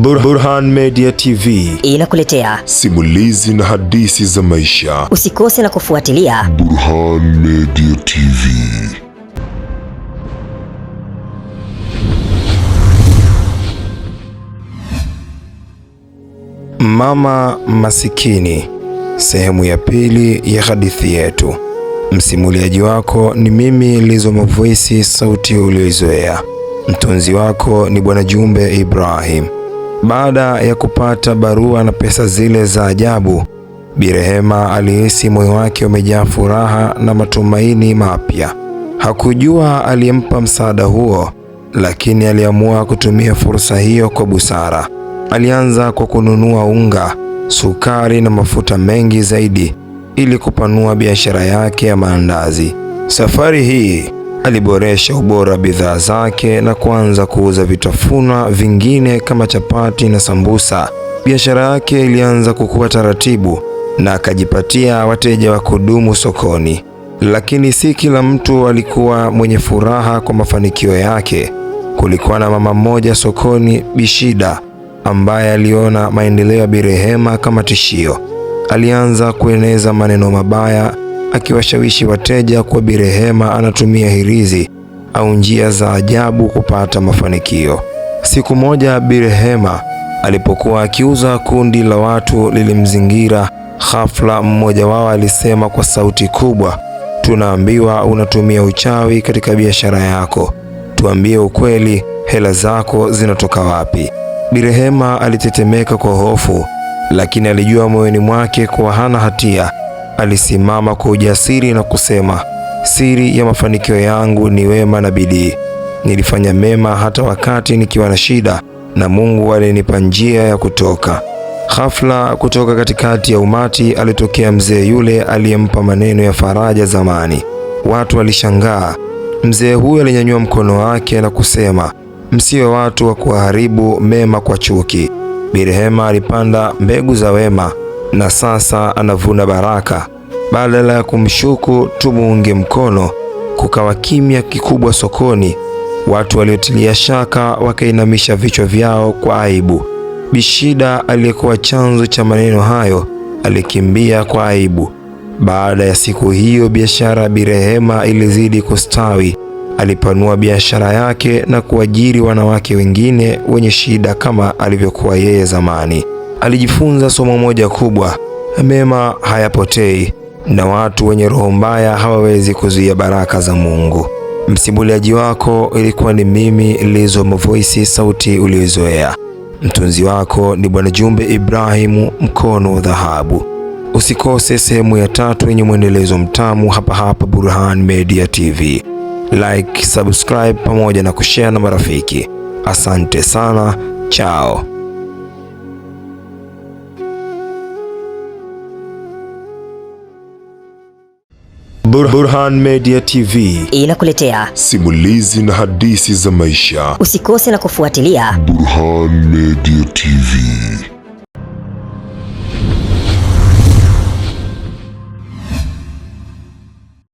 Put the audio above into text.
Burhan Media TV inakuletea simulizi na hadithi za maisha. Usikose na kufuatilia Burhan Media TV. Mama masikini, sehemu ya pili ya hadithi yetu. Msimuliaji wako ni mimi Lizo Mavoisi, sauti uliyoizoea. Mtunzi wako ni Bwana Jumbe Ibrahim. Baada ya kupata barua na pesa zile za ajabu, Birehema alihisi moyo wake umejaa furaha na matumaini mapya. Hakujua aliyempa msaada huo, lakini aliamua kutumia fursa hiyo kwa busara. Alianza kwa kununua unga, sukari na mafuta mengi zaidi ili kupanua biashara yake ya maandazi. Safari hii aliboresha ubora wa bidhaa zake na kuanza kuuza vitafunwa vingine kama chapati na sambusa. Biashara yake ilianza kukua taratibu na akajipatia wateja wa kudumu sokoni, lakini si kila mtu alikuwa mwenye furaha kwa mafanikio yake. Kulikuwa na mama mmoja sokoni, Bishida, ambaye aliona maendeleo ya birehema kama tishio. Alianza kueneza maneno mabaya akiwashawishi wateja kwa birehema anatumia hirizi au njia za ajabu kupata mafanikio. Siku moja Birehema alipokuwa akiuza, kundi la watu lilimzingira ghafla. Mmoja wao alisema kwa sauti kubwa, tunaambiwa unatumia uchawi katika biashara yako, tuambie ukweli, hela zako zinatoka wapi? Birehema alitetemeka kwa hofu, lakini alijua moyoni mwake kuwa hana hatia alisimama kwa ujasiri na kusema, siri ya mafanikio yangu ni wema na bidii. Nilifanya mema hata wakati nikiwa na shida, na Mungu alinipa njia ya kutoka. Ghafla kutoka katikati ya umati alitokea mzee yule aliyempa maneno ya faraja zamani. Watu walishangaa. Mzee huyo alinyanyua mkono wake na kusema, msiwe watu wa kuharibu mema kwa chuki. Birehema alipanda mbegu za wema na sasa anavuna baraka. Badala ya kumshuku, tumuunge mkono. Kukawa kimya kikubwa sokoni, watu waliotilia shaka wakainamisha vichwa vyao kwa aibu. Bishida aliyekuwa chanzo cha maneno hayo alikimbia kwa aibu. Baada ya siku hiyo, biashara ya Birehema ilizidi kustawi. Alipanua biashara yake na kuajiri wanawake wengine wenye shida kama alivyokuwa yeye zamani. Alijifunza somo moja kubwa: mema hayapotei, na watu wenye roho mbaya hawawezi kuzuia baraka za Mungu. Msimuliaji wako ilikuwa ni mimi Lizo Mvoisi, sauti uliyozoea. Mtunzi wako ni Bwana Jumbe Ibrahimu, mkono wa dhahabu. Usikose sehemu ya tatu yenye mwendelezo mtamu hapa hapa Burhan Media TV. Like, subscribe pamoja na kushare na marafiki. Asante sana, chao. Burhan Media TV inakuletea simulizi na hadithi za maisha. Usikose na kufuatilia Burhan Media TV.